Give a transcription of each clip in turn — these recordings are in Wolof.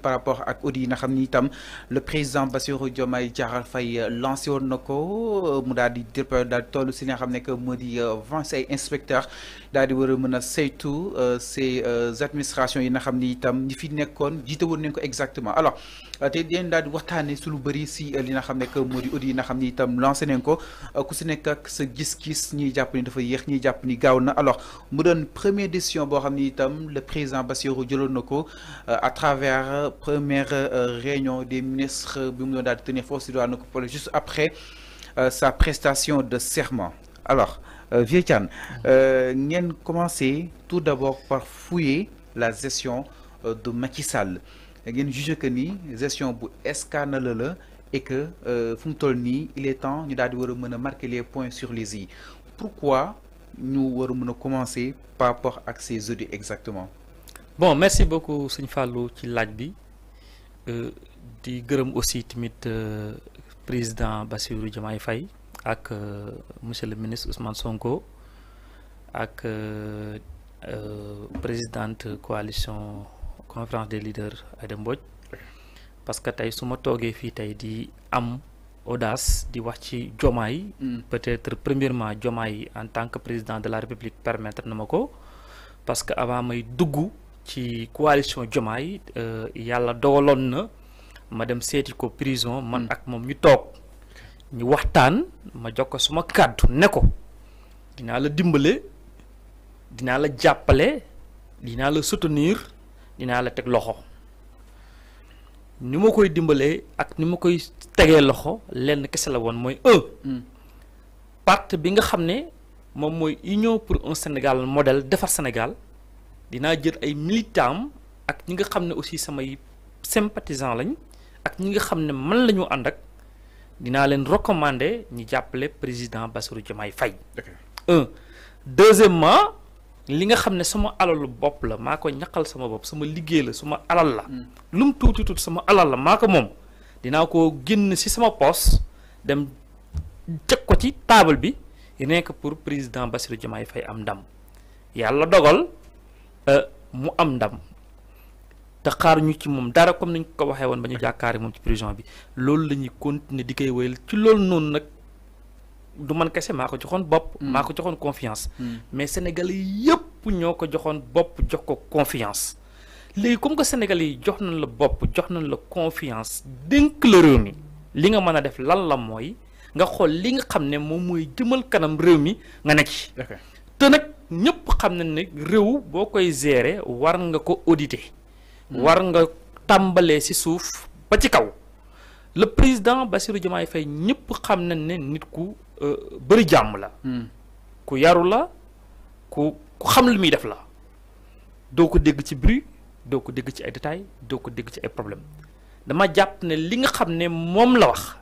par rapport ak audit yi nga xam le président Bassirou Diomaye Diakhar Faye lancé woon na ko mu daal di déployer daal toll si que moo di euh, vingt ay inspecteurs daal di war a mën a saytu euh, ces euh, administrations yi nga xam ni itam ñi fi nekkoon jiite woon nañ exactement alors euh, te dinañ daal di waxtaanee su lu bëri si euh, li nga xam ne que moo di audit yi nga xam ni itam lancé nañ ko euh, ku si nekk ak sa gis-gis ñiy jàpp ni dafa yéex ñi japp ni gaaw na alors mu doon première décision bo xamni tam le président Bassirou jëloon na ko à travers première réunion des ministres bi mu doon daal tenir force si doon na ko pour juste après sa prestation de serment alors Vieux Thiam mm-hmm. ngeen commencé tout d'abord par fouiller la gestion de Macky Sall ngeen juge que ni gestion bu escanale et que nous euh, mu toll il est temps de d'aller marquer les points sur les i pourquoi nous devons commencer par rapport à ces audits exactement. bon merci beaucoup Seigne Fallou ci laaj bi euh, di gërëm aussi le euh, président Bassirou Diomaye Faye ak monsieur le ministre Ousmane Sonko ak présidente coalition. conférence des leaders Aïda Mbodj parce que tey su ma toogee fii tey di am audace di wax ci Diomaye mm. peut-être premièrement Diomaye en tant que président de la République permettre na ma ko parce que avant may dugg ci coalition Diomaye euh, yàlla dogaloon na ma dem seeti ko prison man mm. ak moom ñu toog ñu waxtaan ma jox ko suma kàddu ne ko dinaa la dimbale dinaa la jàppale dinaa la soutenir dinaa la teg loxo ni ma koy dimbalee ak ni ma koy tegee loxo lenn kese la woon mooy un hmm. bi nga xam ne moom mooy union pour un Sénégal modèle defar Sénégal dinaa jël ay militant ak ñi nga xam ne aussi samay sympathisant lañ ak ñi nga xam ne man la ñu ànd ak dinaa leen recommander ñi jàppale président Bassirou Diomaye Faye. un deuxièmement li nga xam ne suma alalu bopp la maa ko ñaqal sama bopp sama liggéey la suma alal la hmm. lu mu tuuti tuuti sama alal la maa ko moom dinaa ko génn si sama poos dem teg ko ci taabal bi nekk pour président Bassirou Diomaye fay am ndam yàlla dogal euh, mu am ndam te xaar ñu ci moom dara comme ni ñu ko waxee woon ba ñu jàkkaari moom ci prison bi loolu la ñuy continuer di koy wéyal ci loolu noonu nag du man kese mako joxone hmm. confiance. Hmm. mais sénégalais yépp ñoko joxone bop confiance léegi comme que sénégalais jox la bop confiance en le li nga mëna def la moy nga xol li nga ne moy nga ne te ne gérer war nga ko auditer. Hmm. war nga tambalé ci le président Bassirou Diomaye Faye ñëpp xam nañ né nit ku euh, bëri jamm la. Hmm. ku yaru la ku ku xam lu mi def la doko dégg ci bruit doko dégg ci ay détails doko dégg ci ay problèmes dama japp né li nga xam né mom la wax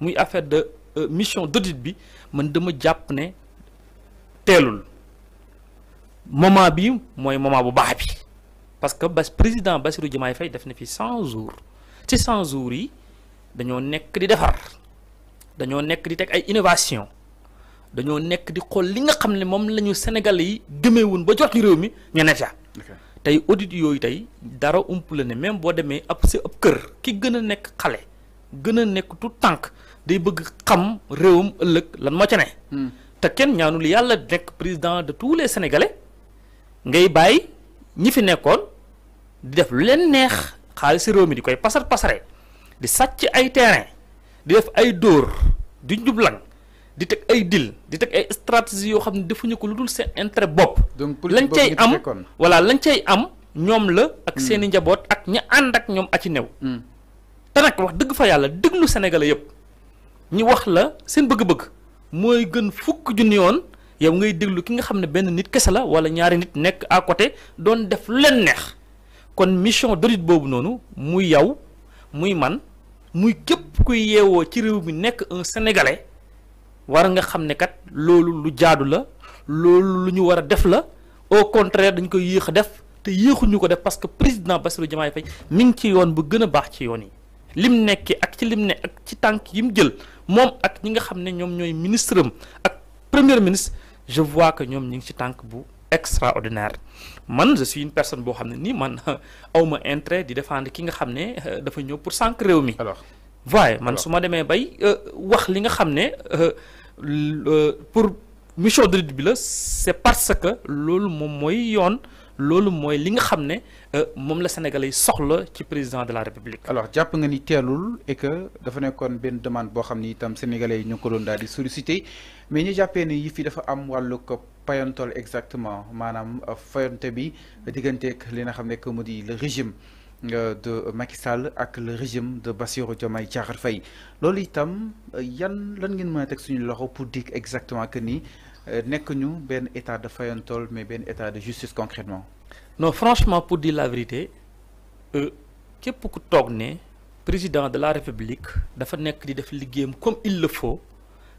muy affaire de euh, mission d'audit bi man dama japp né teelul moment bi moy moment bu baax bi parce que bas président Bassirou Diomaye Faye def na fi 100 jours ci 100 jours yi. dañoo nekk di defar dañoo nekk di teg ay innovation dañoo nekk di xool li nga xam ne moom lañu Sénégal yi gëmeewun ba jot ñu réew mi ñu ne ca tey audit yooyu tey dara ump la ne même boo demee ab si kër ki gën a nekk xale gën a nekk tout tànk day bëgg xam réewam ëllëg lan moo hmm. te kenn ñaanul yàlla nekk président de tous les sénégalais ngay bàyyi ñi fi nekkoon di def lu leen neex xaalis réew mi di koy pasar pasare di sàcc ay terrain di def ay dóor di njublang di teg ay deal di teg ay stratégie yoo xam ne defuñu ko lu dul seen intérêt bopp. lañ cay am voilà lañ cay am ñoom la. ak hmm. seen i njaboot ak ña ànd ak ñoom a ci new. Hmm. te wax dëgg fa yàlla déglu Sénégalais yëpp ñu wax la seen bëgg-bëgg mooy gën fukk junni yoon yow ngay déglu ki nga xam ne benn nit kese la wala ñaari nit nekk à côté doon def leen neex kon mission d'audit boobu noonu muy yow. muy man muy képp kuy yeewoo ci réew mi nekk un sénégalais war nga xam ne kat loolu lu jaadu la loolu lu ñu war a def la au contraire dañ koy yéex a def te yéexuñu ko def parce que président Bassirou Diomaye Faye mi ngi ci yoon bu gën a baax ci yoon yi lim nekkee ak ci lim ne ak ci tànk yi mu jël moom ak ñi nga xam ne ñoom ñooy ministre am ak premier ministre je vois que ñoom ñi ngi ci tànk bu extraordinaire man je une personne boo xam ne nii man awma intérêt di défendre ki nga xam ne euh, dafa ñëw pour sànq réew mi. alors waaye man su ma demee bay euh, wax li nga xam ne euh, pour mission de lutte bi la c'est parce que loolu moom mooy yoon. L'ol moy li nga xamné ne euh, la Sénégalais soxla ci président de la république. alors japp nga ni teelul et que dafa nekkoon ben demande bo xamni ni itam sénégalais ñu ko doon daal di solliciter mais ñu jappé ni yifi dafa am wàllu ko payantool exactement manam euh, fayante bi digganteeg li nga xamné que modi le régime euh, de Macky Sall ak le régime de Bassirou Diomaye Diakhar Faye loolu itam yan lan ngeen mën tek suñu loxo pour dig exactement que ni. Euh, nekk ñu ben état de fayantol mais ben état de justice concrètement non franchement pour dire la vérité euh, képp ku que président de la république dafa nek di def liggéeyam comme il le faut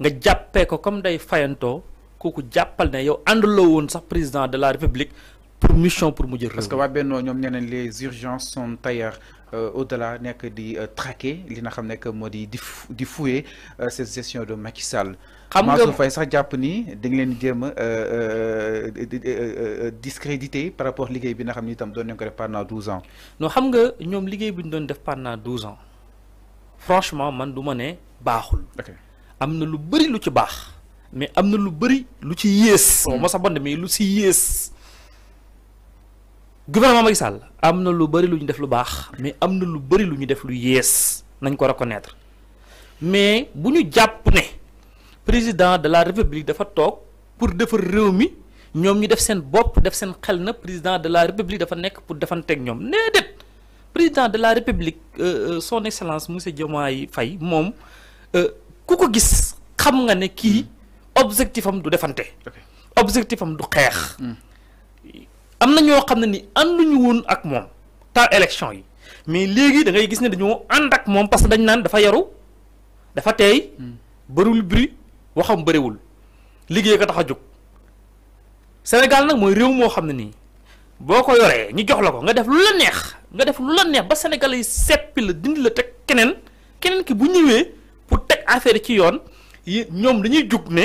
nga jappé ko comme day fayantoo koku jappal né yow ànduloo woon sax président de la république pour mission pour mu parce que wa Bennoo ñom nee les urgences sont ailleurs euh, au-delà nek di euh, traquer li nga xam nekk moo di di di fouiller euh, cette gestion de Macky Sall. xam nga Mansour Faye sax japp ni da nga leen euh, euh, discréditer par rapport liguey bi nga xam ni itam doon ñu ko def pendant 12 ans. non xam nga ñom liguey bi ñu doon def pendant 12 ans franchement man duma né baxul. baaxul. am lu bëri lu ci bax mais amna lu bëri lu ci yées. Mm. ma sa bonde mais lu ci yées gouvernement Macky Sall am lu bari lu ñu def lu bax mais amna lu bari lu ñu def lu yes nañ ko reconnaître mais buñu japp né président de la république dafa tok pour defar réew ñom ñu def sen bop def sen xel na président de la république dafa nek pour defanteeg ñoom nee déet président de la république euh, euh, son excellence monsieur Diomaye Fay mom euh, kuko gis xam nga né ki hmm. objectif am du defante objectif am du xex hmm. am na ñoo xam ne ni ànduñu woon ak moom taal élection yi mais léegi dangay gis ne dañoo ànd ak moom parce que dañ naan dafa yaru dafa teey bëriwul biri waxam bariwul liggéey ko tax a jóg Sénégal nag mooy réew moo xam ne nii boo ko yoree ñu jox la ko nga def lu la neex nga def lu la neex ba Sénégal yi seppi la dindi la teg keneen keneen ki bu ñëwee pour teg affaire ci yoon yi ñoom dañuy jug ne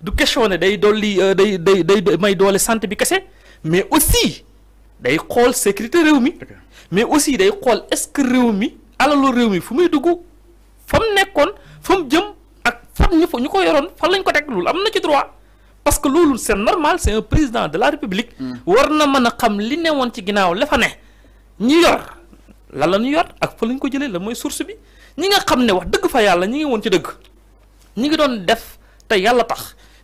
du question day dolli euh, day day day may dolé santé bi kese mais aussi day xol sécurité réew mais aussi day xol est-ce que réew ala lo réew fumay duggu fam dugg fam mu jëm ak fam ñu fa ñu ko lañ ko tek loolu amna ci droit parce que loolu c'est normal c'est un président de la république hmm. warna mëna a xam li néwon ci ginaaw la fa né ñi yor lan la ñu yor ak fa lañ ko jëlé la moy source bi ñi nga xam né wax dëgg fa yalla ñi ngi won ci dëgg ñi ngi doon def te yalla tax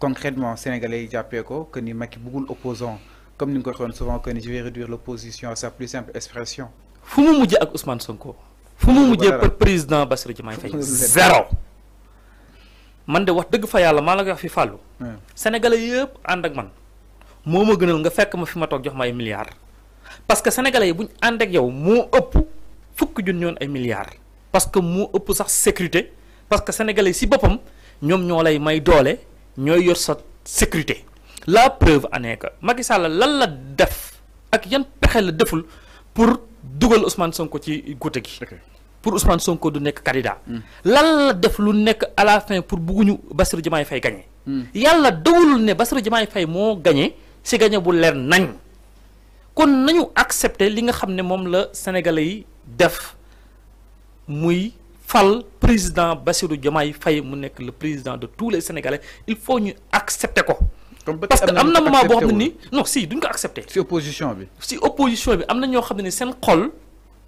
concrètement sénégalais yi ko que ni Macky bugul opposant comme nous nga ko souvent que ni je vais réduire l'opposition à sa plus simple expression. fumu mujjé ak Ousmane Sonko. fumu mujjé mujjee par président Bassirou Diomaye Faye. zéro. man de wax deug fa yalla maa la koy wax fi fàllu. sénégalais yépp and ak man. moma ma gënal nga fekk ma fi ma tok jox ma ay milliards. parce que sénégalais yi buñ and ak yow mo ëpp fukk junni ay milliards. parce que mo ëpp sax sécurité parce que sénégalais si bopam ñom ñolay may nous yor sa sécurité la preuve est que Macky Sall lan la def ak pour dougal Ousmane Sonko ci pour candidat. Hmm. lan la def lu à la fin pour que Bassirou Diomaye Faye gagné. yalla si gagné bu nañ kon nañu accepter li nga xamné ne sénégalais def muy président Bassirou Diomaye Faye mu nek le président de tous les Sénégalais il faut ñu accepter ko. parce que amna moment bo xam non si duñ ko accepter. si opposition bi. si opposition bi amna ño ñoo sen xol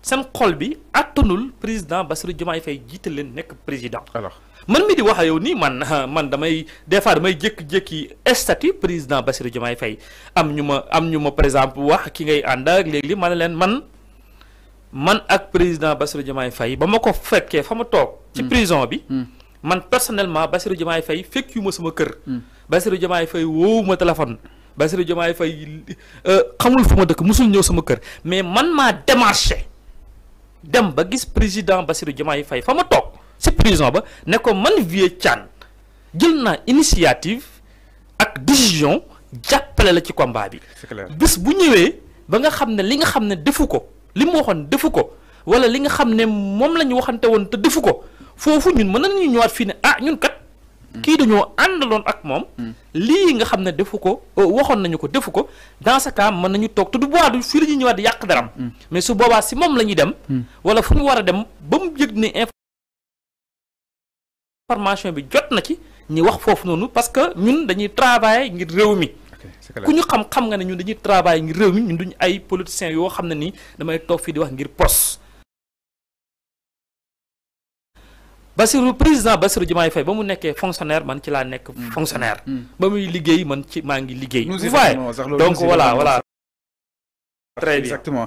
sen xol bi atunul président Bassirou Diomaye Faye jiite le nek président. alors man mi di wax yow ni man ah, man damay des fois damay jek jékki statut président Bassirou Diomaye Faye am ñuma am ñuma par exemple wax ki ngay and ak léegi man ma leen man. man ak président Bassirou Diomaye fay ba ma ko fekkee fa ma toog. ci mm. prison bi. Mm. man personnellement Bassirou Diomaye fay fekk yu ma sama kër. Mm. Bassirou Diomaye Faye woowu ma téléphone. Bassirou Diomaye Faye euh, xamul fu ma dëkk musul ñëw sama kër mais man maa démarché dem ba gis président Bassirou Diomaye Faye fa ma toog ci prison ba ne ko man Vieux Thiane jël naa initiative ak décision jàppale la ci combat bi. bis bu ñëwee ba nga xam ne li nga xam ne defu ko. li mu waxoon defu ko wala li nga xam ne moom la ñu waxante woon te defu ko foofu ñun mën nañu ñëwaat fii ne ah ñun kat. kii dañoo àndaloon ak moom. Hmm. lii nga xam ne defu ko euh, waxoon nañu ko defu ko dans ce mën nañu toog te du boobaa du fii la ñuy ñëwaat yàq daram hmm. mais su boobaa si moom la ñuy dem. Hmm. wala fu ñu war a dem ba mu yëg ne information bi jot na ci ñu wax foofu noonu parce que ñun dañuy travailler ngir réew mi. ku ñu xam xam nga ne ñun dañuy travail ngir réew mi ñun duñu ay politiciens yoo xam ne ni damay toog fii di wax ngir pos Bassirou président Bassirou Diomaye fay ba mu nekkee fonctionnaire man ci laa nekk hmm. fonctionnaire hmm. ba muy liggéey man ci maa ngi liggéey vous voyez donc voilà voilà très bien exactement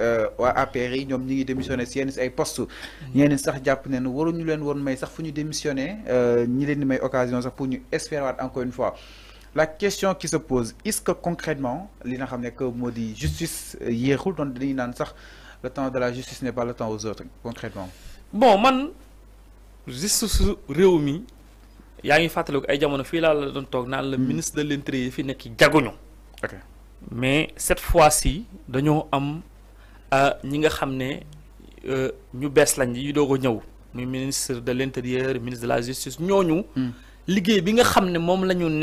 Euh, waa APR nous ñoom ñi ngi démissionné si yenn si ay poste ñeneen sax jàpp ne waruñu leen woon may sax fu ñu démissionné euh, ñi leen di may occasion sax pour ñu espérer encore une fois la question qui se pose est-ce que concrètement li nga xam que moo justice euh, yéexul donc dañuy naan sax le temps de la justice n'est pas le temps aux autres concrètement bon man justice réew mi yaa ngi fàttaliku ay jamono fii laa la doon toog hmm. ministre de l'intérieur fi nekk mais cette fois-ci nous avons Euh, ñi nga xam ne euh, ñu bees lañ yu doog ko ñëw muy ministre de l' intérieur ministre de la justice ñooñu hmm. liggéey bi nga xam ne moom la ñu nekk